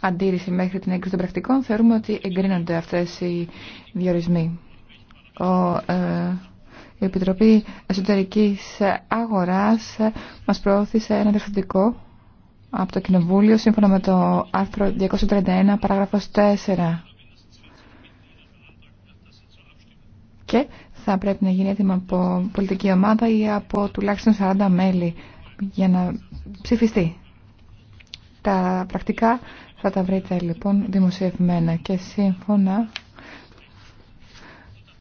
αντίρρηση μέχρι την έγκριση των πρακτικών, θεωρούμε ότι εγκρίνονται αυτές οι διορισμοί. Ο, ε, η Επιτροπή Εσωτερικής Αγοράς μας προώθησε ένα διευθυντικό από το Κοινοβούλιο σύμφωνα με το άρθρο 231 παράγραφος 4 και θα πρέπει να γίνει έτοιμα από πολιτική ομάδα ή από τουλάχιστον 40 μέλη για να ψηφιστεί. Τα πρακτικά θα τα βρείτε λοιπόν δημοσιευμένα και σύμφωνα